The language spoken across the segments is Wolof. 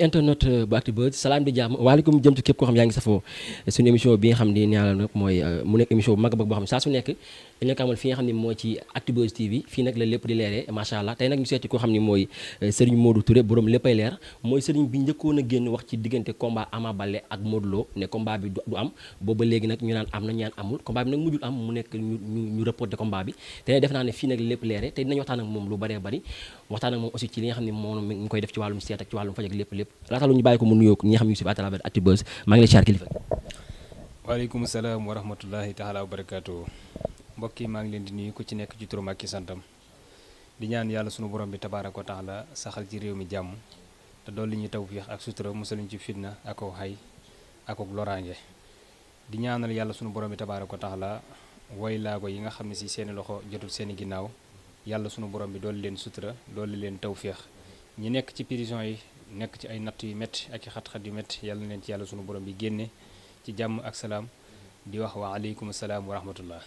internet euh, bu Actubuzz salaam di jàmm waaleykum jëm ci ko xam yaa ngi safoo suñu émission bi nga xam ni ñaala nag mooy euh, mu nekk émission a mag boo xam ne fi nga xam ne moo ci Actubuzz TV fii nag la xam ne mooy euh, Serigne Modou Touré borom léppay leer mooy Serigne bi wax ci diggante combat Ama Baldé ak naan am na ñu naan amul combat bi nag mujjul am mu nekk ñu ñu reporté bi te def naa ne fii nag lépp leeree tey dinañ waxtaan ak moom lu bëree bëri waxtaan ak moom aussi ci li nga xam ne moom mi koy def ci wàllum seet ak ci wàllum faj lépp yëpp laata lu ñu bàyyi ko mu nuyoo ñi nga xam ne ñu ngi si à yi maa ngi leen di nuyu ku ci nekk ci turam ak ci santam di ñaan yàlla sunu borom bi tabaaraka wa taala saxal ci réew mi jàmm te dolli ñu tawfiix ak sutura musaluñ ci fitna ak xay ak ko loraange di ñaanal yàlla sunu borom bi tabaaraka wa taala way laago yi nga xam ne si seeni loxo jotul seeni ginnaaw yàlla sunu borom bi dool leen sutura dolli leen tawfiix ñi nekk ci prison yi nekk ci ay natt yu métti ak i xat-xat yu métti yàlla neen ci yàlla sunu borom bi génne ci jàmm ak salaam di wax wa aleykum salaam wa rahmatullah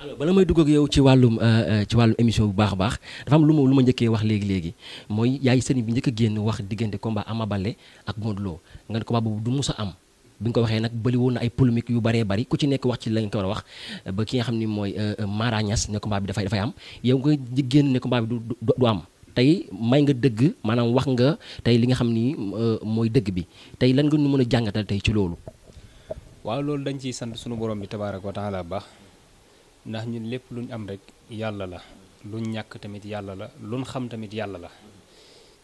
alors bala may dugg ak yow ci wàllum euh, euh, ci wàllum émission bu baax a baax dafa am lu ma lu ma njëkkee wax léegi-léegi mooy yaay sëriñ bi njëkk génn wax diggante combat amabale ak Modou Lo nga ne combat du mus a am bi nga ko waxee nag bëri na ay polémique yu bëree bari ku ci nekk wax ci lañ nga ko wax ba ki nga xam ni mooy euh, Mara Niass ne combat bi dafay am yow nga génn ne combat bi du du am tey may nga dëgg maanaam wax nga tey li nga xam ni euh, mooy dëgg bi tey lan nga nu mën a jàngatal tey ci loolu. waaw loolu dañ ciy sant sunu borom bi ko wa taala baax ndax ñun lépp lu ñu am rek yàlla la lu ñàkk tamit yàlla la luñ xam tamit yàlla la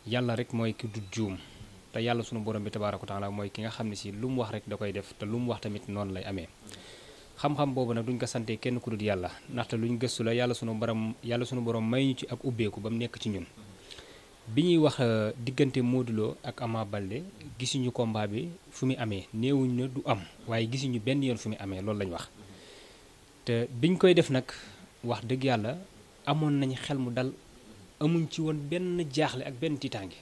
yàlla rek mooy ki du juum te yàlla sunu borom bi tabaaraka wa taala mooy ki nga xam ne si lu mu wax rek da koy def te lu mu wax tamit noonu lay amee. xam-xam boobu nag duñ ko sante kenn ku dul yàlla ndaxte luñ gëstu la yàlla sunu borom yàlla sunu borom may ñu ci ak ubbeeku ba mu nekk ci ñun bi ñuy wax euh, diggante Modou ak Ama Baldé gisuñu combat bi fu mu amee néewuñ na du am waaye gisuñu benn yoon fu mu amee loolu lañ wax te biñ koy def nag wax dëgg yàlla amoon nañu xel mu dal amuñ ci woon benn jaaxle ak benn tiitaange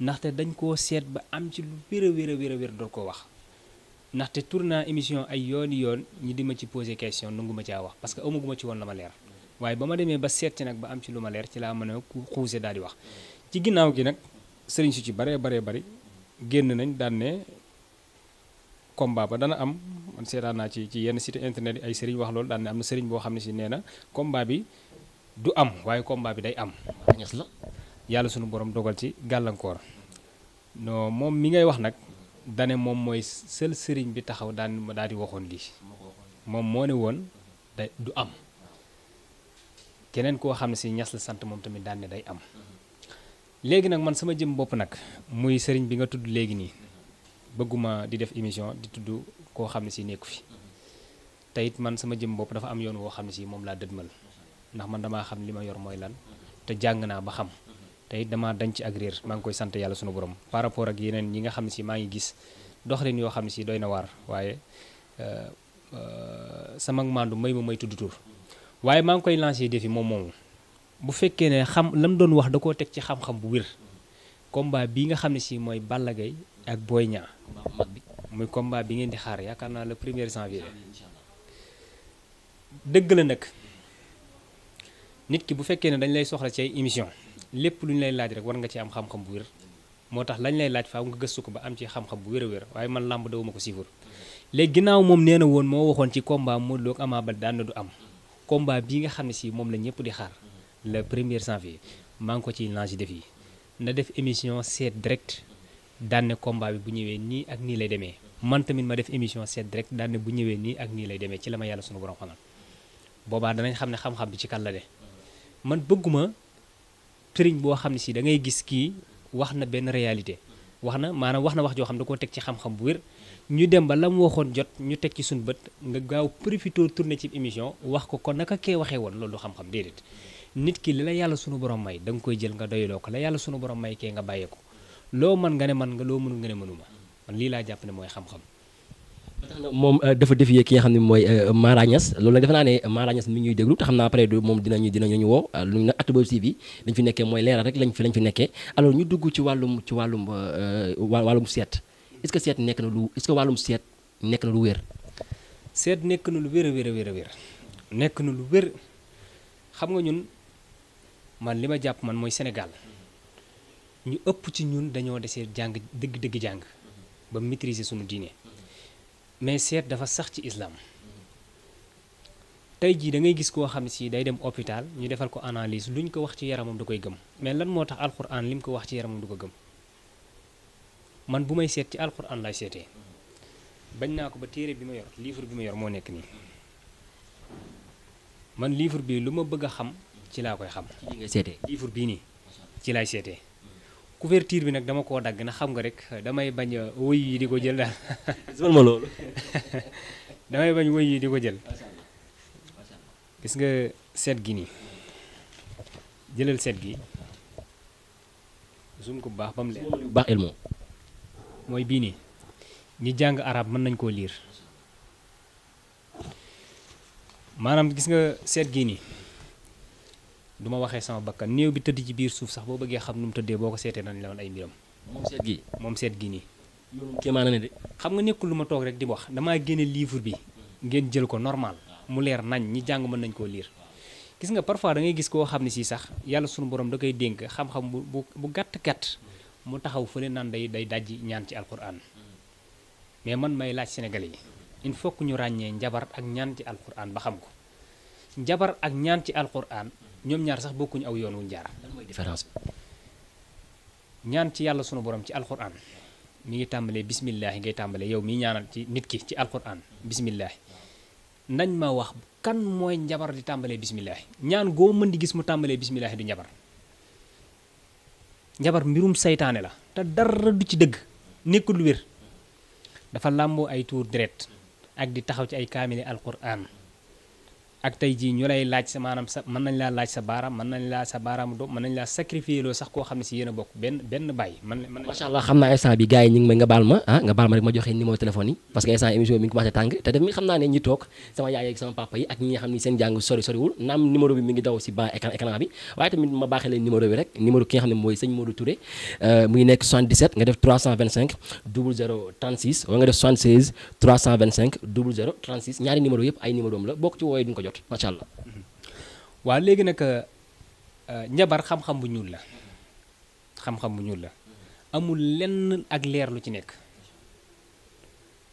ndaxte dañ koo seet ba am ci lu wér a wér a wér a wér wax ndaxte tour naa émission ay yoon yoon ñi di ma ci posé question nangu ma caa wax parce que amaguma ci woon la ma leer waaye ba ma demee ba seet ci nag ba am ci lu ma leer ci laa mën a xuuse daal di ci ginnaaw gi nag sëriñ su ci baree baree bari génn nañ daan ne combat ba dana am man seetaan naa ci ci yenn site internet yi ay sëriñ wax loolu daan ne am na sëriñ boo xam ne si nee na combat bi du am waaye komba bi day am la yàlla sunu borom dogal ci gàllankoor non moom mi ngay wax nag dane moom mooy sël sëriñ bi taxaw daan ma daal di waxoon lii moom moo ne woon day du am keneen koo xam ne si ñas la sant moom tamit daan ne day am léegi nag man sama jëm bopp nag muy sëriñ bi nga tudd léegi nii bëgguma di def émission di tudd koo xam ne si nekku fi te man sama jëm bopp dafa am yoon woo xam ne sii moom laa dëdmal ndax man damaa xam li ma yor mooy lan te jàng naa ba xam te it damaa dañ ci agrir maa ngi koy sant yàlla sunu borom par rapport ak yeneen yi nga xam ne si maa ngi gis doxalin yoo xam ne si doy na waar waaye euh, euh, sama maandu may ma may tudd waaye maa ngi koy lancé défi moom moomu bu fekkee ne xam lam doon wax da koo teg ci xam bu wér combat bi nga xam ne si mooy Balla ak Boy Niang muy combat bi ngeen di xaar yaakaar naa le premier janvier dëgg la nag nit ki bu fekkee ne dañ lay soxla ci ay lépp lu ñu lay laaj rek war nga ci am xam-xam bu wér moo tax lañ lay laaj faaw nga gëstu ko ba am ci xam-xam bu wér a wér waaye man làmb dawuma ko siifur léegi ginnaaw moom nee na woon moo waxoon ci combat Modou Lo ak Ama Baldé du am combat bii nga xam ne si moom la ñëpp di xaar le premier janvier maa ngi ko ciy lancé def yi na def émission seet direct daan ne bi bu ñëwee nii ak nii lay demee man tamit ma def émission seet direct daan bu ñëwee nii ak nii lay demee ci la yàlla sunu borom boobaa danañ xam ne xam-xam bi ci kan la de man bëgguma sëriñ boo xam ne sii da ngay gis kii wax na benn réalité wax na maanaam wax na wax joo xam da koo teg ci xam-xam bu wér ñu dem ba la mu waxoon jot ñu teg ci suñ bët nga gaaw profité tourné ci émission wax ko kon naka kee waxee woon loolu xam-xam déedéet nit ki li la yàlla sunu borom may da nga koy jël nga doyloo ko la yàlla sunu borom may kee nga bàyyee ko loo mën nga ne man nga loo mënul nga ne mënuma man lii laa jàpp ne mooy xam-xam moom euh, dafa défier ki nga xam ne mooy euh, Mara Niass loolu nag defe naa ne Mara Niass mi ñuy déglu te xam naa après moom dinañu dinañu ñu woo euh, luñ na Actubuzz TV dañ fi nekkee mooy leeral rek lañ fi lañ fi nekkee alors ñu dugg ci wàllum ci wàllum wàllum seet est que seet nekk na lu est-ce seet nekk na lu wér. seet nekk na lu wér a wér a wér a wér nekk na lu wér xam nga ñun man li ma jàpp man mooy Sénégal ñu ëpp ci ñun dañoo desee jàng dëgg-dëgg jàng ba maîtriser sunu diine. mais seet dafa sax ci islam tey jii dangay gis koo xam si day dem hôpital ñu defal ko analyse luñ ko wax ci yaramam du koy gëm mais lan moo tax alxuraan lim ko wax ci yaramam du ko gëm man bu may seet ci alxuraan lay seetee bañ naa ko ba téere bi ma yor livre bi ma yor moo nekk nii man livre bii lu ma bëgg xam ci laa koy xam. lii nga seetee livre bii nii ci laay seetee. couverture bi nag dama ko dagg na xam nga rek damay bañ a wëy yi di ko jël daal. ma loolu. damay bañ wëy yi di ko jël. gis nga seet gi nii jëlal seet gi zoom ko bu baax ba mu leer. baax ilmo mooy bii nii ñi jàng arab mën nañ koo liir maanaam gis nga seet gii nii. du ma waxee sama bakkan néew bi tëdd ci biir suuf sax boo bëggee xam nu mu tëddee boo ko seetee nañ la woon ay mbiram. moom seet gi nii. loolu kéemaan na de. xam nga nekkul lu ma toog rek di wax damaa génne livre bi ngeen jël ko normal mu leer nañ ñi jàng ma nañ koo liir gis nga parfois da ngay gis koo xam ne sii sax yàlla sunu borom da koy dénk xam-xam bu bu bu gàtt gàtt mu taxaw fële naan day day dajji ñaan ci alquran mais man may laaj sénégalais yi il faut que ñu ràññee njabar ak ñaan ci alquran ba xam ko njabar ak ñaan ci alquran ñoom ñaar sax bokkuñu aw yoon wuñ jaar mooy différence ñaan ci yàlla sunu borom ci alquran mi ngi tàmbalee bisimilah ngay tàmbalee yow mi ñaanal ci nit ki ci alquran bisimilah nañ ma wax kan mooy njabar di tàmbalee bisimilah ñaan goo mën di gis mu tàmbalee bisimilah du njabar njabar mbirum seytaane la te dara du ci dëgg nekkul wér dafa làmboo ay tuur deret ak di taxaw ci ay kaamile alquran ak tey jii ñu lay laaj sa maanaam sa mën nañ laa laaj sa baaraam mën nañ laa sa baaraamu doom mën nañ laa sacrifier loo sax koo xam ne si yéen a bokk benn benn bàyyi man macha allah xam naa instant bi gars yi ñu ngi may nga baal ma ah nga baal ma rek ma joxe numéro téléphone yi parce que instant émission bi mi ngi commencé tàng te tamit xam naa ne ñi toog sama yaay ak sama papa yi ak ñi nga xam ni seen jàng sori soriwul naam numéro bi mi ngi daw si ban écran écran bi waaye tamit ma baaxee leen numéro bi rek numéro ki nga xam ne mooy sëñ Modou Touré euh, mu ngi nekk 77 nga def 325 00 36 wala nga def 76 325 00 36 ñaari numéro yëpp ay numéro am la bokk ci wooye duñ ko jox jot macha mm-hmm. waaw léegi nag euh, njabar xam-xam bu ñuul la xam-xam bu ñuul la mm-hmm. amul lenn ak leer lu ci nekk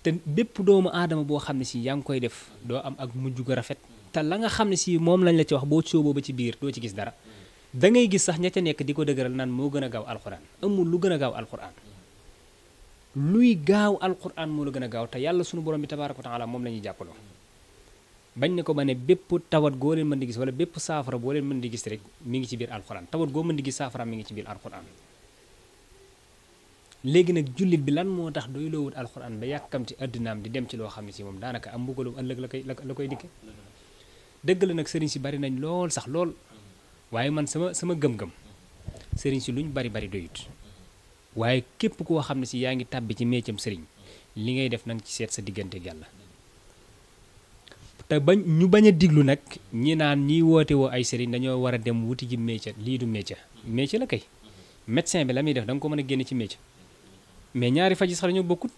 te bépp doomu aadama boo xam ne si yaa ngi koy def doo am ak mujj gu rafet te la nga xam ne si moom lañ la ci wax boo sóoboo ba ci biir doo ci gis dara mm-hmm. dangay gis sax ña ca nekk di ko dëgëral naan moo gën a gaaw alxuraan amul lu gën a gaaw alxuraan luy gaaw alxuraan moo la gën a gaaw te yàlla sunu borom bi tabaaraka wa moom la ñuy jàppaloo bañ ne ko ba ne bépp tawat goo leen mën di gis wala bépp saafara boo leen mën di gis rek mi ngi ci biir alxuraan tawat goo mën di gis saafara mi ngi ci biir alxuraan léegi nag jullit bi lan moo tax doy loowut alxuraan ba yàkkamti àddinaam di dem ci loo xam ne si moom daanaka am mbugalum ëllëg la koy la koy dikke dëgg la nag sëriñ si bari nañ lool sax lool waaye man sama sama gëm-gëm sëriñ si luñ bari bari doyut waaye képp koo xam ne si yaa ngi tàbbi ci méccam sëriñ li ngay def nang ci seet sa diggante yàlla te bañ ñu bañ a diglu nag ñi naan ñiy woote woo ay sëriñ dañoo war a dem wuti ji métier lii du métier métier la kay médecin bi la muy def da nga ko mën a génne ci métier mais ñaari faj sax dañoo bokkut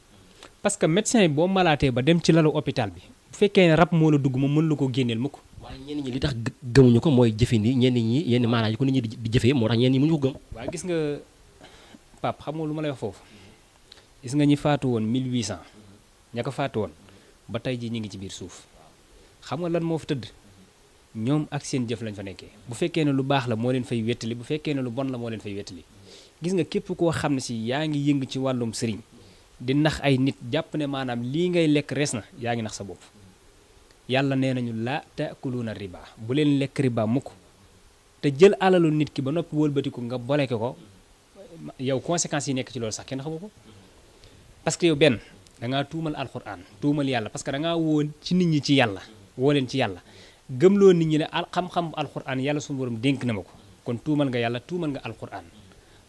parce que médecin boo malaatee ba dem ci lalu hôpital bi bu fekkee ne rab moo la dugg ma mën la ko génneel mukk waaye ñenn ñi li tax gëmuñu ko mooy jëfin yi ñenn ñi yenn maanaam yi ko nit ñi di moo tax ñenn ñi mënuñu ko gis nga Pape xam nga lu ma la wax foofu gis nga ñi faatu woon mille 1800 ña ko faatu woon ba tey ji ñu ngi ci biir suuf xam nga lan moo fa tëdd ñoom ak seen jëf lañ fa nekkee bu fekkee ne lu baax la moo leen fay wettali bu fekkee ne lu bon la moo leen fay wettali gis nga képp koo xam ne si yaa ngi yëng ci wàllum sëriñ di nax ay nit jàpp ne maanaam lii ngay lekk rees na yaa ngi nax sa bopp yàlla nee nañu laa te taakuluuna riba bu leen lekk riba mukk te jël alalu nit ki ba noppi wëlbatiku nga boleke ko yow conséquences yi nekk ci loolu sax kenn xamu ko parce que yow benn da ngaa tuumal alxuraan tuumal yàlla parce que da woon ci nit ñi ci yàlla woo leen ci yàlla gëm loo nit ñi ne al xam-xam alquran yàlla suñu borom dénk na ma ko kon tuumal nga yàlla tuumal nga alquran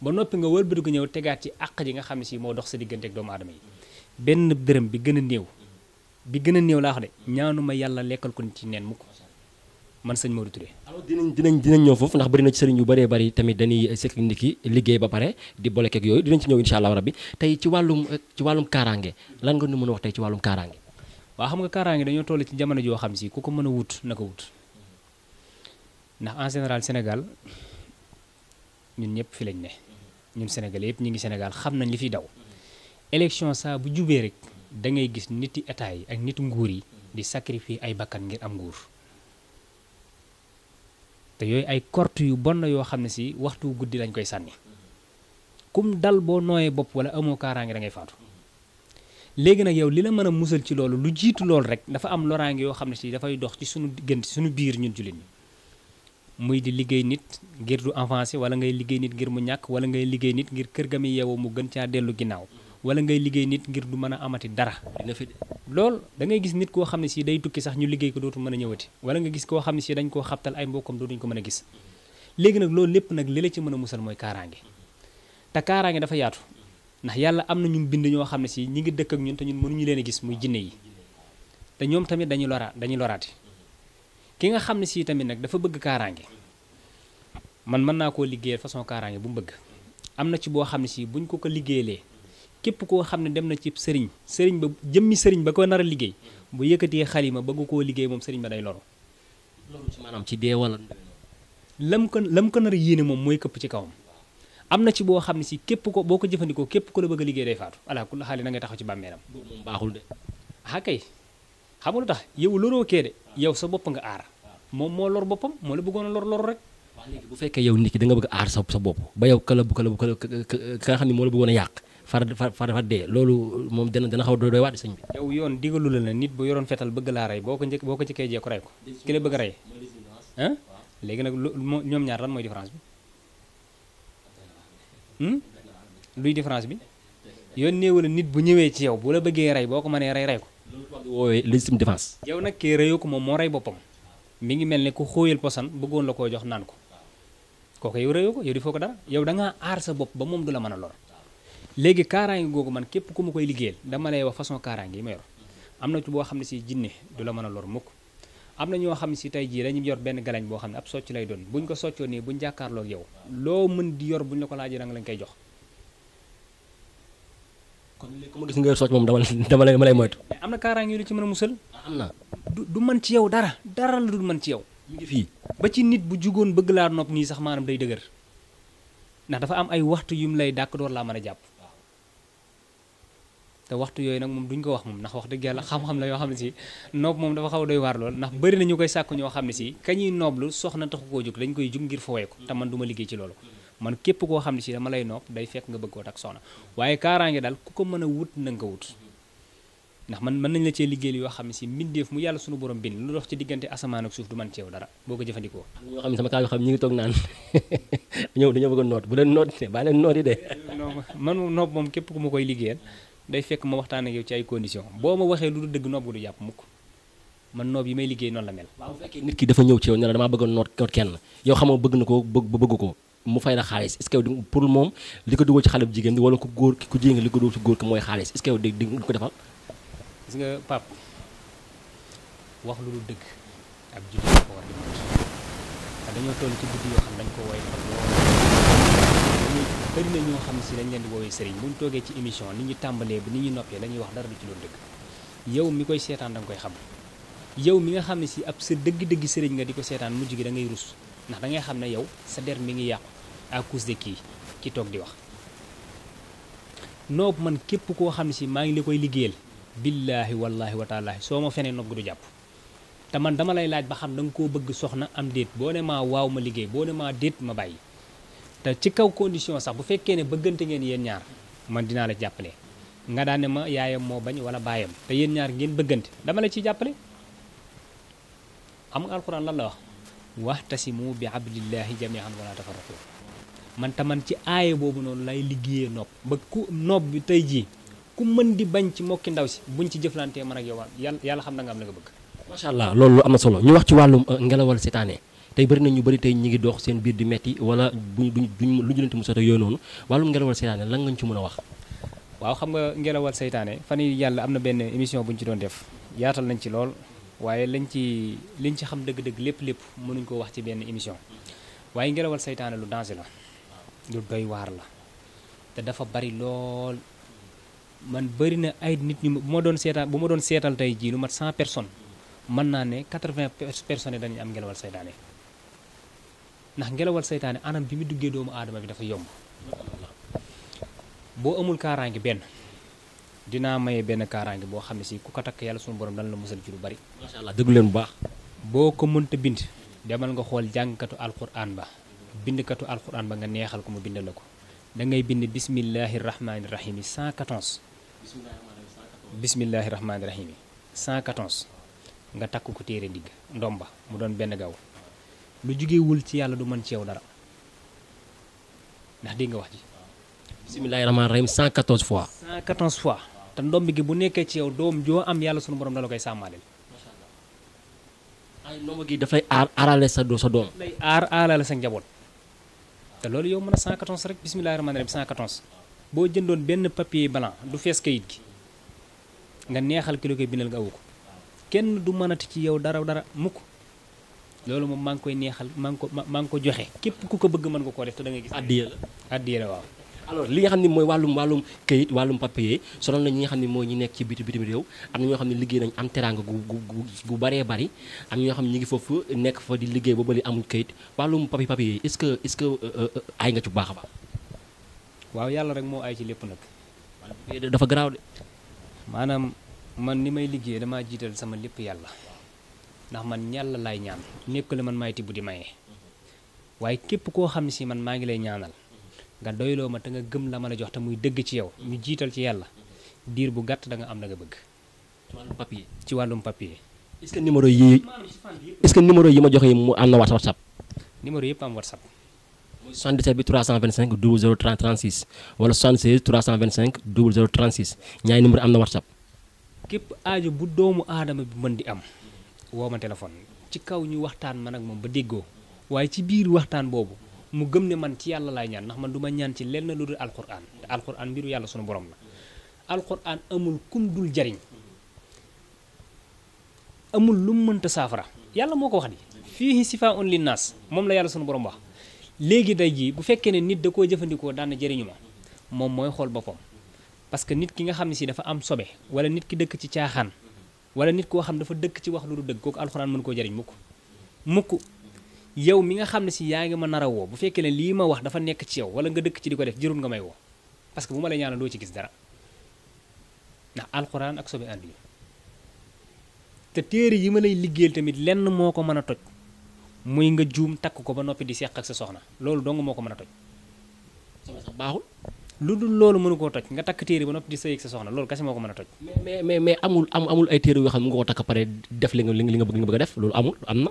ba noppi nga wëlbati ko ñëw tegaat ci àq ji nga xam ne si moo dox sa diggante ak doomu aadama yi benn dërëm bi gën a néew bi gën a néew laa wax de ñaanuma yàlla lekkal ko ci neen mu ko man sëñ Modou Touré alors dinañ dinañ dinañ ñëw foofu ndax bari na ci sëriñ yu bëree bëri tamit dañuy sekk nit ki liggéey ba pare di bolekeeg yooyu dinañ ci ñëw insha allah rabbi tey ci wàllum ci wàllum kaaraange lan nga nu mën a wax ci wàllum kaaraange waa xam nga kaaraange dañoo toll ci jamono joo xam si ku ko mën a wut na ko wut ndax en général Sénégal ñun ñëpp fi lañ ne ñun Sénégal yëpp ñu ngi Sénégal xam nañ li fi daw élection saa bu jubee rek da ngay gis niti état yi ak nit nguur yi di sacrifier ay bakkan ngir am nguur te yooyu ay korte yu bon la yoo xam ne si waxtu guddi lañ koy sànni kum dal boo nooyee bopp wala amoo kaaraange da ngay faatu léegi nag yow li la mën a musal ci loolu lu jiitu loolu rek dafa am loraange yoo xam ne si dafay dox ci suñu diggante suñu biir ñu jullit ñi muy di liggéey nit ngir du avancé wala ngay liggéey nit ngir mu ñàkk wala ngay liggéey nit ngir kër ga muy mu gën caa dellu ginnaaw wala ngay liggéey nit ngir du mën a amati dara loolu da ngay gis nit koo xam ne si day tukki sax ñu liggéey ko dootu mën a ñëwati wala nga gis koo xam ne si dañ koo xabtal ay mbokkam dootuñ ko mën a gis léegi nag loolu lépp nag li la ci mën a musal mooy kaaraange te kaaraange dafa yaatu ndax yàlla am na ñun bind ñoo xam ne sii ñi ngi dëkk ak ñun te ñun mënuñu leen gis muy jinne yi te ñoom tamit dañu lora dañuy loraati ki nga xam ne sii tamit nag dafa bëgg kaaraange man mën naa koo liggéeyal façon kaaraange bu mu bëgg am na ci boo xam ne si buñ ko ko liggéeyalee képp koo xam ne dem na ci sëriñ sëriñ ba jëmmi sëriñ ba ko nar a liggéey bu yëkkatee xalima bëgg koo liggéey moom sëriñ ba day loru. loolu ci maanaam ci dee wala. ko nar a yéene moom mooy këpp ci kawam. am na ci boo xam ne si képp ko boo ko jëfandikoo képp ko la bëgg a liggéey day faatu ala kulli xaali na ngay ci bàmmeeram baaxul de ah kay xam tax yow loroo kee de yow sa bopp nga aar moom moo lor boppam moo la bëggoon a lor lor rek bu fekkee yow nit ki da nga bëgg aar sa sa bopp ba yow kala bu kala bu kala ka nga xam ne moo la bëggoon yàq far far far dee loolu moom dana dana xaw doo doy waat sëñ bi yow yoon digalu la na nit bu yoroon fetal bëgg laa rey boo ko njëkk boo ko njëkkee jeeku rey ko ki la bëgg a rey ah léegi nag ñoom ñaar lan mooy différence bi Hmm? luy différence bi yónnee wala nit bu ñëwee ci yow bu la bëggee rey boo ko ma mënee rey rey ko. woowee légitime défense. yow nag kii reyoo ko moom moo rey boppam mi ngi mel ni ku xóoyal posan bëggoon la koo jox naan ko kooku yow reyoo ko yow di foo ko dara yow da ngaa aar sa bopp ba moom du la mën a lor léegi kaaraange googu man képp ku ma koy liggéeyal dama lay wax façon kaaraange yi ma yor am na ci boo xam ne si jinne du la mën a lor mukk am na ñoo xam si tey jii dañuy yor benn galañ boo xam ne ab socc lay doon buñ ko soccoo nii buñ jàkkaarloog yow loo mën di yor buñ la ko laajee da lañ koy jox. kon léegi ku nga yor moom dama dama lay ma lay moytu. am na kaaraange lu ci mën a musal. Ah, am na du du mën ci yow dara dara la dul mën ci yow. mu ngi fii ba ci nit bu jugoon bëgg laa nopp nii sax maanaam day dëgër ndax dafa am ay waxtu yu mu lay dàkk door laa man a jàpp te waxtu yooyu nag moom duñ ko wax moom ndax wax dëgg yàlla xam-xam la yoo xam ne si noob moom dafa xaw doy waar lool ndax bëri na ñu koy sàkk ñoo xam ne si noob day fekk ko a a noot bu leen noot yi de man moom noob moom képp ku ma koy liggéeyal day fekk ma waxtaan ak yow ci ay conditions boo ma waxee lu du dëgg noob gi du jàpp mukk man noob yi may liggéey noonu la mel. nit ki dafa ñëw ci yow ne la damaa bëgg a noot kenn yow xamoo bëgg na ko bëgg bëgg ko mu fay la xaalis est-ce pour moom li ko dugal ci xale bu jigéen wala ku góor ku jigéen li ko dugal ci góor ki mooy xaalis est-ce que di nga ko defal. wax lu dul dëgg ab jullit ko war di ko woy bëri na ñoo xam si dañ leen di woowee sëriñ buñ toogee ci émission ni ñu tàmbalee bi ni ñu noppee la ñuy wax dara du ci doon dëgg yow mi koy seetaan da koy xam yow mi nga xam ne si ab sa dëgg-dëgg sëriñ nga di ko seetaan mujj gi da ngay rus ndax da ngay xam ne yow sa der mi ngi yàqu à cause de kii ci toog di wax noob man képp koo xam ne si maa ngi la koy liggéeyal billaahi wallaahi wa taalaahi soo ma fenee nopp gi du jàpp te man dama lay laaj ba xam da koo bëgg soxna am déet boo ne maa waaw ma liggéey boo ne maa déet ma bàyyi te ci kaw condition sax bu fekkee ne bëggante ngeen yéen ñaar man dinaa la jàppale nga daan ne ma yaayam moo bañ wala baayam te yéen ñaar ngeen bëggante dama la ciy jàppale am nga alxuraan la wax waxtasimu bi abdillahi jamian wala tafarraqu man taman ci aaye boobu noonu lay liggéeyee nopp ba ku nopp bi tey jii ku mën di bañ ci mokki ndaw si buñ ci jëflantee man ak yow yàlla yàlla xam na nga am la nga bëgg macha allah loolu lu am na solo ñu wax ci wàllum uh, ngelawal setaane tey bari na ñu bëri tey ñi ngi dox seen biir di metti wala bu duñ duñ lu jëlanti mu soto yooyu noonu wàllum ngelawal seytaane lan ngañ ci mën a wax waaw xam nga ngelawal seytaane fan yi yàlla am na benn émission bu ñu ci doon def yaatal nañ ci lool waaye lañ ci liñ ci xam dëgg-dëgg lépp lépp mënuñ ko wax ci benn émission waaye ngelawal seytaane lu danger la lu doy waar la te dafa bari lool man bari na ay nit ñu bu ma doon seetaan bu ma doon seetal tey jii lu mat cent personnes mën naa ne 80 personnes yi dañuy am ngelawal seytaane ndax ngelawal seytaane anam bi mu duggee doomu aadama bi dafa yomb boo amul kaaraange benn dinaa maye benn kaaraange boo xam ne si ku ko takk yàlla suñu borom dana la musal ci lu bari. macha allah déglu leen baax. boo ko mënta bind demal nga xool jàngkatu alquran ba bindkatu alquran ba nga neexal ko mu bindal la ko da ngay bind bismillahi rahmaani rahim 114. bismillahi rahmaani rahim 114 nga takk ko téere ndigg ndomba mu doon benn gaaw lu jugewul ci yàlla du man ci yow dara ndax dégg nga wax ji. bisimilahi rahmaani rahim 114 fois. 114 fois te ndomb gi bu nekkee ci yow doom joo am yàlla sunu borom da la koy sàmmaaleel. ay ndomb gi dafay aar aarale sa sa doom. dafay aar aarale sa njaboot. te loolu yow man a 114 rek bisimilahi rahmaani rahim 114 boo jëndoon benn papier blanc du fees kayit gi nga neexal ki la koy bindal nga awu ko kenn du mënati ci yow dara dara mukk loolu moom maa ngi koy neexal man ngi ko maa ngi ko joxe képp ku ko bëgg mën nga koo def te da ngay gis addiya la waaw li nga xam ni mooy wàllum wàllum këyit wàllum papier sonal na ñi nga xam ne mooy ñi nekk ci bitu bitim réew am ñoo xam ne liggéey nañ am teraanga gu gu baree bari am ñoo xam ne ñu ngi foofu nekk fa di liggéey ba bëri amul këyit wàllum papier papier est-ce que est euh, euh, euh, ay nga ci baax a baax waaw yàlla rek moo ay ci lépp nag dafa garaaw de maanaam man ni may liggéey damaa jiital sama lépp yàlla ndax man yàlla lay ñaan nekkul man maay tibb di maye waaye képp koo xam ne si man maa ngi lay ñaanal nga doyloo ma te nga gëm la ma la jox te muy dëgg ci yow ñu jiital ci yàlla diir bu gàtt da nga am la nga bëgg. ci wàllum papier ci wàllum papier. est-ce numéro yi est-ce que numéro yi ma joxe yi mu am na WhatsApp. numéro yëpp am WhatsApp. muy 77 bi 325 00 36 wala 76 325 00 36 ñaari numéro am na WhatsApp. képp aajo bu doomu aadama bi mën di am. woo ma téléphone ci kaw ñu waxtaan ma nag moom ba déggoo waaye ci biir waxtaan boobu mu gëm ne man ci yàlla laay ñaan ndax man du ma ñaan ci na lu dul alquran te alquran mbiru yàlla sunu borom la alquran amul kum dul jariñ amul lu mu mënta saafara yàlla moo ko wax di fii sifaa'un linnaas moom la yàlla sunu borom wa léegi day jii bu fekkee ne nit da koo jëfandikoo daan na ma moom mooy xool boppam parce que nit ki nga xam ne si dafa am sobe wala ki dëkk ci caaxaan wala nit koo xam dafa dëkk ci wax lu du dëgg kooku alxuraan mën koo jëriñ mukk mukk yow mi nga xam ne si yaa ngi ma nar a woo bu fekkee ne lii ma wax dafa nekk ci yow wala nga dëkk ci di ko def jërul nga may woo parce que bu ma la ñaanal doo ci gis dara ndax alxuraan ak sobe ànd yi te téere yi ma lay liggéeyal tamit lenn moo ko mën a toj muy nga juum takk ko ba noppi di seq ak sa soxna loolu dong moo ko mën a toj. lu dul loolu mënu koo toj nga takk téere ba noppi di sëy ak sa soxna loolu kese moo ko mën a toj mais mais mais amul am amul ay téere yoo xam ne nga ko takk pare def li nga li nga bëgg nga bëgg a def loolu amul am na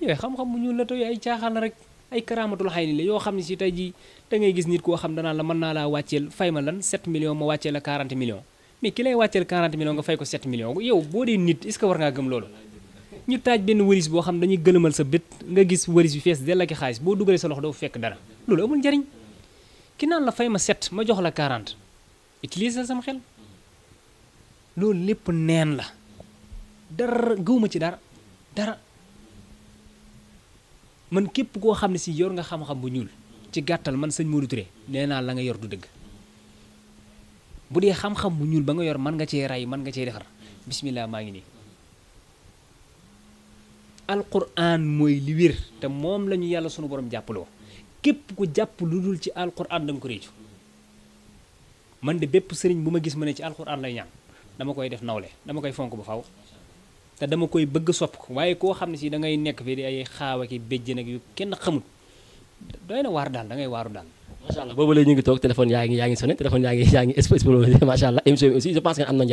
yooyu xam-xam bu ñuul la tey ay caaxaan la rek ay karaamatul xay ni la yoo xam ne si tey jii da ngay gis nit koo xam danaa la mën naa laa wàcceel fay ma lan 7 millions ma wàcceel la 40 millions mais ki lay wàcceel 40 millions nga fay ko 7 millions yow boo dee nit est-ce que war ngaa gëm loolu ñu taaj benn wëris boo xam dañuy gëlëmal sa bët nga gis wëris bi fees dell ak xaalis boo dugalee sa loxo doo fekk dara loolu amul njariñ ki naan la fay ma set ma jox la quarante utiliser sama xel loolu lépp neen la dara gëwuma ci dara dara man képp koo xam ne si yor nga xam-xam bu ñuul ci gàttal man sañ Modou Touré nee naa la nga yor du dëgg bu dee xam-xam bu ñuul ba nga yor mën nga cee rey man nga cee defar bismillah maa ngi nii alquran mooy li wér te moom lañu yàlla sunu borom jàppaloo képp ku jàpp lu dul ci alquran da nga ko réccu man de bépp sëriñ bu ma gis ma ne ci alquran lay ñaan dama koy def nawle dama koy fonk bu faw te dama koy bëgg sopp ko waaye koo xam ne si dangay nekk fii di ay xaawa ki béjj nag yu kenn xamut doy na waar daal da ngay waaru daal macha allah boobu la ñu ngi toog téléphone yaa ngi yaa ngi sonné téléphone yaa ngi yaa ngi la macha allah émission bi aussi je pense que am na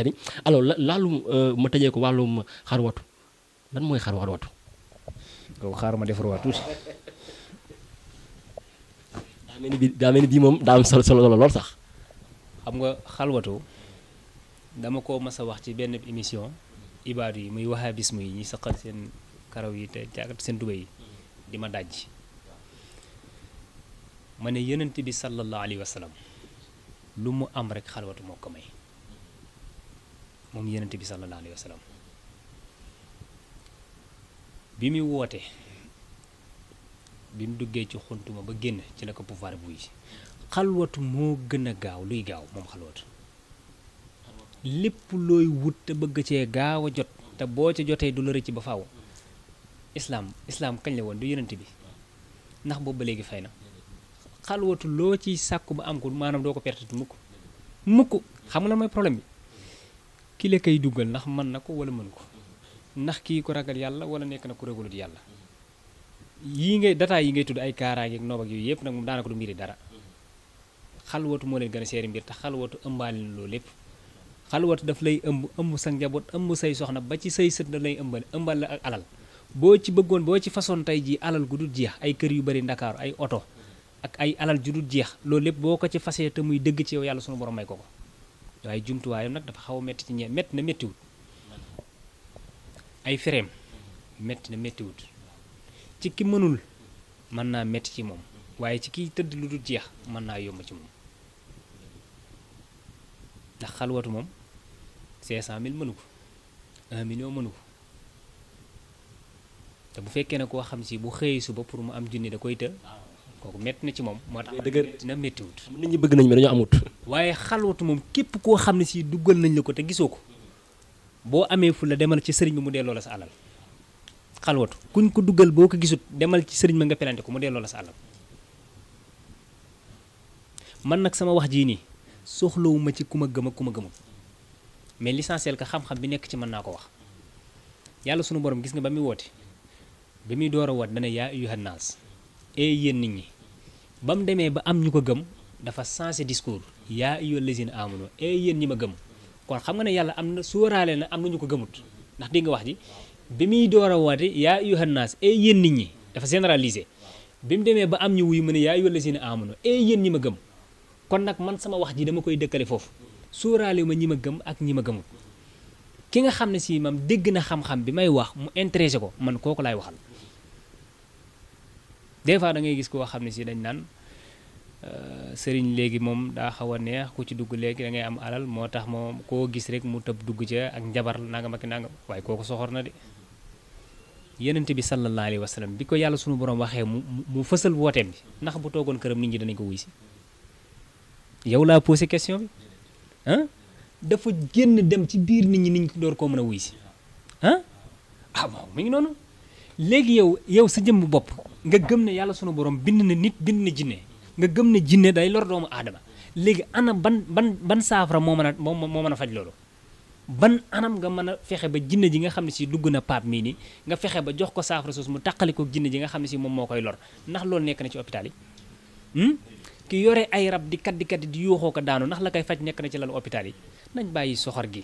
laalum euh, ma tëjee ko wàllum xarwatu lan mooy xarwatu. kooku xaaral ma def ruwaat daa mel ni bii daa moom daa am solo solo lool sax. xam nga xalwatu dama ko mas a wax ci benn émission ibaadu yi muy wahabisme yi ñi saqal seen karaw yi te jàkkat seen dubé yi di ma dajj ma ne yonent bi sallallahu alayhi wa sallam lu mu am rek xalwatu moo ko may moom yonent bi sallallahu alayhi wa sallam bi muy woote. bi mu duggee ci ma ba génn ci la ko pouvoir buy xalwatu moo gën a gaaw luy gaaw moom xalwatu lépp looy wut te bëgg cee gaaw a jot te boo ca jotee du la rëcc ba faw islaam islaam kañ la woon du yonent bi ndax boobu ba léegi fay na xalwatu loo ciy sàkku ba am ko maanaam doo ko perte mukk mukk xam nga lan mooy problème bi ki koy duggal ndax mën na ko wala mën ko ndax kii ko ragal yàlla wala nekk na ko ragalut yàlla yii ngay détails yi ngay tudd ay kaaraangeeg noob ak yooyu yëpp nag moom daanaka du mbiri dara xalwatu moo leen gën a seeri mbir te xalwatu ëmbaale na lépp xalwatu daf lay ëmb ëmb sa njaboot ëmb say soxna ba ci say sët da lay ëmbal ëmbal ak alal boo ci bëggoon boo ci façon tey jii alal gu dul jeex ay kër yu bari ndakaaru ay oto ak ay alal ju jeex loolu lépp boo ko ci fasee te muy dëgg ci yàlla sunu borom may ko ko waaye jumtuwaayam nag dafa xaw a métti ci ñee métti na méttiwut ay fereem métti na méttiwut ci ki mënul mën naa metti ci moom waaye ci kiy tëdd lu dul jeex mën naa yomb ci moom ndax xalwatu moom 500000 mënu ko 1 million mënu ko te bu fekkee ne koo xam si bu xëyee suba pour mu am junni da koy të kooku métti na ci moom moo tax dëgg na méttiwut nit ñi bëgg nañ mais dañoo amut waaye xalwatu moom képp koo xam ne si duggal nañ la ko te gisoo ko boo amee fu la demal ci sëriñ bi mu delloo la sa alal xalwatu kuñ ko dugal boo ko gisut demal ci sëriñ ma nga pelante ko mu delloo la sa àllam man nag sama wax jii nii soxlawuma ci ku ma gëm ak ku ma gëm mais l'essentiel que xam-xam bi nekk ci mën naa ko wax yàlla sunu borom gis nga ba muy woote bi muy door a woot dana yaa ayyuhan naas ee yéen nit ñi ba mu demee ba am ñu ko gëm dafa sensé discours yaa ayyuhal lazina aamanu ee yéen ñi ma gëm kon xam nga ne yàlla am na sóoraale na am na ñu ko gëmut ndax dégg nga wax ji bi muy door a woote yaa ayyuhan naas ay yéen nit ñi dafa généraliser bi mu demee ba am ñu wuyu mu ne yaa ayyuhal lazina aamanu ay yéen ñi ma gëm kon nag man sama wax ji dama koy dëkkale foofu suuraale ma ñi ma gëm ak ñi ma gëmul ki nga xam ne si mam dégg na xam-xam bi may wax mu intéressé ko man kooku laay waxal des fois da ngay gis koo xam ne si dañ naan euh, sëriñ léegi moom daa xaw a neex ku ci dugg léegi da ngay am alal moo tax moom koo gis rek mu tëb dugg ca ak njabar nangam ak nangam waaye kooku soxor na de yenent bi sallallahu alayhi wa sallam bi ko yàlla sunu borom waxee mu mu fësal wooteem bi ndax bu toogoon këram nit ñi danañ ko wuy si yow laa posé question bi dafa génn dem ci biir nit ñi nit ñi door koo mën a wuy si ah mu ngi noonu léegi yow yow sa jëmm bopp nga gëm ne yàlla sunu borom bind na nit bind na jinne nga gëm ne jinne day lor doomu aadama léegi ana ban ban ban saafara moo mën a moo mën a faj loolu ban anam nga mën a fexe ba jinne ji nga xam ne si dugg na paap mii nii nga fexe ba jox ko saafara soos mu taqali ko jinne ji nga xam ne si moom moo koy lor ndax loolu nekk na ci hôpital yi hmm? ki yore ay rab di kat di kat di yuuxoo ko daanu ndax la koy faj nekk na ci lalu hôpital yi nañ bàyyi soxor gi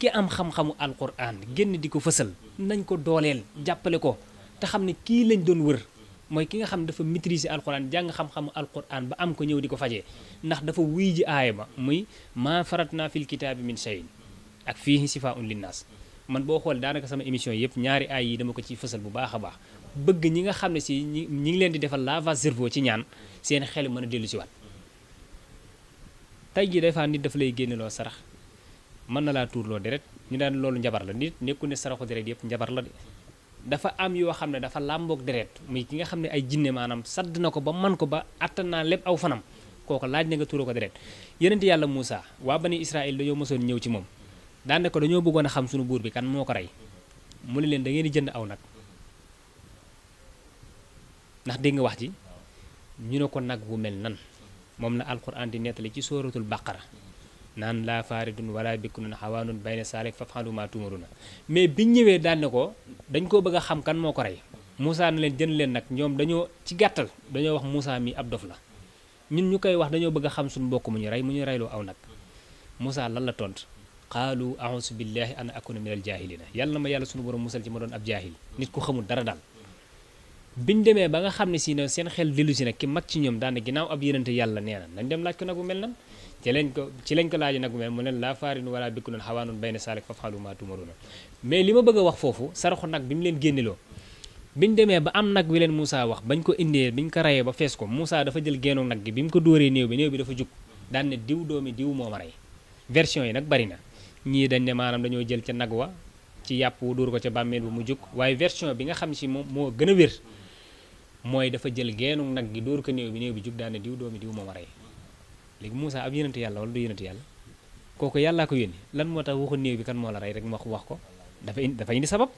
ki am xam-xamu alquran génn di ko fësal nañ ko dooleel jàppale ko te xam ne kii lañ doon wër mooy ki nga xam ne dafa maîtriser alquran jàng xam-xamu alquran ba am ko ñëw di ko fajee ndax dafa wuy ji aaya muy maa farat naa fil kitaabi min shay'in ak fii sifaa un linnaas man boo xool daanaka sama émission yëpp ñaari ay yi dama ko ci fësal bu baax a baax bëgg ñi nga xam ne si ñi ñi ngi leen di defal lavage cerveau ci ñaan seen xel mën a dellu si waat tey jii des fa nit dafa lay génneloo sarax mën na laa tuurloo deret ñu daan loolu njabar la nit nekku ne saraxu deret yëpp njabar la de dafa am yoo xam ne dafa làmboog deret muy ki nga xam ne ay jinne maanaam sadd na ko ba man ko ba attan naa lépp aw fanam kooku laaj na nga tuura ko deret yeneen yàlla Moussa waa bani Israël dañoo mosoon ñëw ci moom daan ko dañoo bëggoon a xam sunu buur bi kan moo ko rey mu ne leen da ngeen di jënd aw nag ndax dégg nga wax ji ñu ne ko nag wu mel nan moom la alquran di nettali ci sooratul baqara naan laa faaridun wala bikunun xawaanun bayna saalik fafaalu maa tumaruna mais bi ñëwee daan ko dañ koo bëgg xam kan moo ko rey Moussa na leen jënd leen nag ñoom dañoo ci gàttal dañoo wax Moussa mii ab dof la ñun ñu koy wax dañoo bëgg a xam suñu mbokk mu ñu rey mu ñu reyloo aw nag Moussa lan la tontu. qaalu ausu billahi an akuna min al jaahilina yàlla na ma yàlla sunu borom musal ci ma doon ab jaahil nit ku xamul dara daal biñ demee ba nga xam ne si ne seen xel dellu si nag ki mag ci ñoom daana ginnaaw ab yërante yàlla nee na nañ dem laaj ko nagu mel nan ci lañ ko ci lañ ko laaji nagu mel mu leen laa faarin wala bikkulun xawaanun bayna saalik fafaalu maa tumaruna mais li ma bëgg a wax foofu saraxu nag bi mu leen génneloo biñ demee ba am nag wi leen Moussa wax bañ ko indee biñ ko reyee ba fees ko Moussa dafa jël génnu nag gi bi mu ko dóoree néew bi néew bi dafa jug daan ne diw doomi diw moo ma rey version yi nag bari na ñii dañ ne maanaam dañoo jël ca nag wa ci yàpp wu dóor ko ca bàmmeel bu mu jug waaye version bi nga xam si moom moo gën a wér mooy dafa jël geenu nag gi dóor ko néew bi néew bi jug daane diw diw moom a rey léegi Moussa ab yonent yàlla wala du yonent yàlla kooku yàllaa ko yónni lan moo tax waxu néew bi kan moo la rey rek wax wax ko dafa indi dafa indi sabab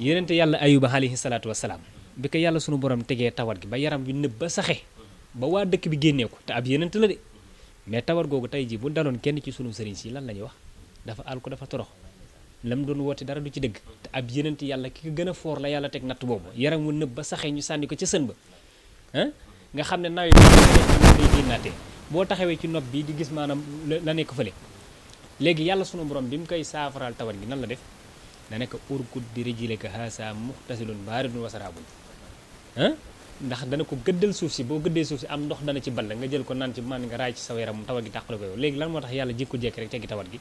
yonent yàlla ayuba alayhi salaatu wasalaam bi ko yàlla sunu borom tegee tawat gi ba yaram bi nëb ba saxe ba waa dëkk bi génnee ko mais tawar googu tey jii bu daloon kenn ci sunu sëriñ si lan la ñuy wax dafa àl ko dafa torox lam doon woote dara du ci dëgg te ab yenent yàlla ki ko gën a foor la yàlla teg natt boobu yaram wu nëb ba saxee ñu sànni ko ca sën ba ah nga xam ne nawe boo taxawee ci nopp bi di gis maanaam la nekk fële léegi yàlla sunu borom bi mu koy saafaraal tawar gi nan la def na nekk urkut bi rijilika haasa muxtasilun baaridun wasaraabun ah ndax dana ko gëddal suuf si boo gëddee suuf si am ndox dana ci ball nga jël ko naan ci man nga raay ci sa yaram tawat gi tàqale ko yow léegi lan moo tax yàlla jikko jekk rek teggi tawat gi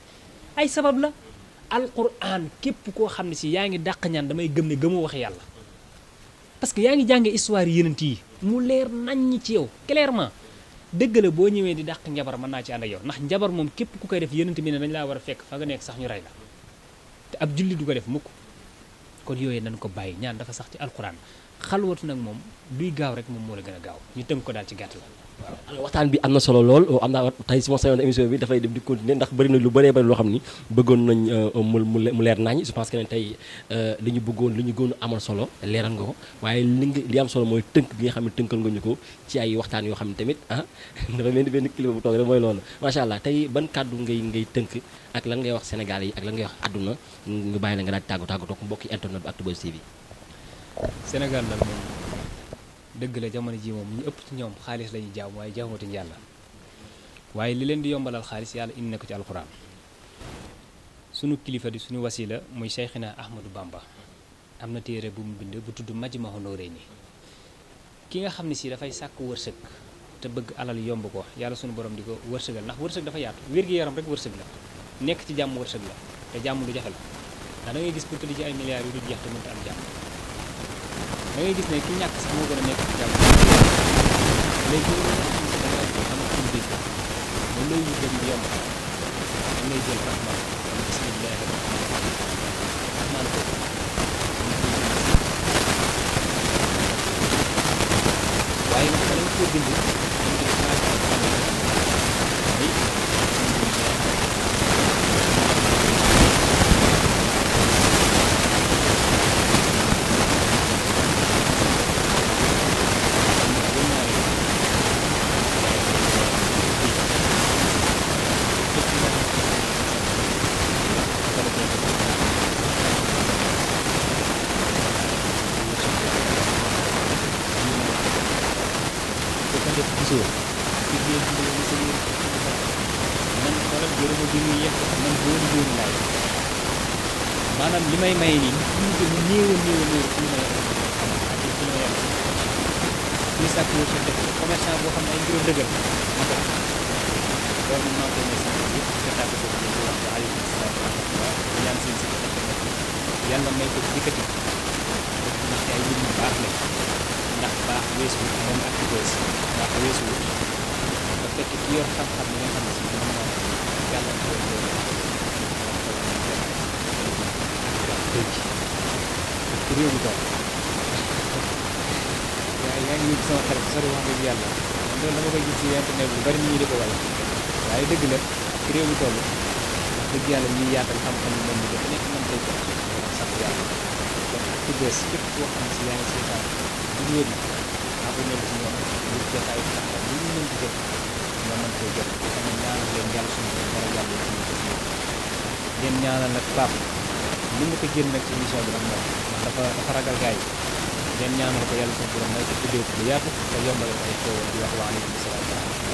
képp koo xam ne si yaa ngi dàq ñaan damay gëm ne gëmoo wax yàlla parce que yaa ngi jàngee histoire yénant yi mu leer naññ ci yow clairement dëgg la boo ñëwee di dàq njabar mën naa ci ànd ak yow ndax njabar moom képp ku koy def yénant bi ne dañ laa war a fekk fa nga nekk sax ñu rey la te ab julli du ko def mukk kon yooyee nañ ko bàyyi ñaan dafa sax ci alquran xal watu nag moom luy gaaw rek moom moo la gën a gaaw ñu tënk ko daal ci gàttal. waaw waxtaan bi am na solo lool oh, am naa tey su ma sañoon émission bi dafay dem di continuer ndax bëri na lu bëree loo xam ni bëggoon nañ euh, mu leer nañ je pense que ne tey euh, ñu bëggoon li solo leeral nga ko waaye li nga li am solo mooy tënk gi nga xam tënkal nga ñu ko ay waxtaan yoo xam ne tamit ah dafa mel benn kilifa bu mooy loolu macha allah tey ban kàddu ngay ngay tënk ak lan ngay wax Sénégal yi ak lan ngay wax àdduna nga bàyyi la nga daal di tàggu tàggu toog mbokki internet bi ak Actubuzz TV Sénégal nag moom dëgg la jamono ji moom ñu ëpp ci ñoom xaalis lañuy jaam waaye jaamatuñu yàlla waaye li leen di yombalal xaalis yàlla indi na ko ci alxuraan sunu kilifa di sunu wasila muy Seyxina Ahmadou bàmba am na téere bu mu bind bu tudd Majmahun Nurayni ki nga xam ne sii dafay sàkk wërsëg te bëgg alal yomb ko yàlla sunu borom di ko wërsëgal ndax wërsëg dafa yaatu wér-gi-yaram rek wërsëg la nekk ci jàmm wërsëg la te jàmm lu jafe la ndax da ngay gis ne ki ñàkk sax moo gën a nekk ci jàmm léegi ñu am si danga ko am ak dégg ba looy ñu dem yomb dañ lay jël rahmaan am bismillahi rahmaan boobu waaye nag bala nga koo bind dañ koy xaaj yàlla may ko dikkati ndax ay nit ñu baax lañ ndax baax weesu moom ak bës baax sama xarit sori wax dëgg yàlla loolu dama koy gis ci internet bu bari nit ñi ko wala waaye dëgg la réew mi toll wax dëgg yàlla ñuy yaatal xam-xam yi moom bi dafa nekk mën tey yàlla kon ku bees képp koo xam si yaa ngi seetaan vidéo bi abonné ci ñoom ngir jot ay xam-xam yu ñu mën di jot nga mën koo jot sama ñaanal leen yàlla ko dara yàlla suñu ko leen ñaanal nag paap li nga ko génn nag ci émission bi am na ndax dafa dafa ragal gaay yi leen ñaanal ko yàlla suñu borom may ko tuddee bu yaatu te yombale ko ay xéewal di wax wa aleykum salaam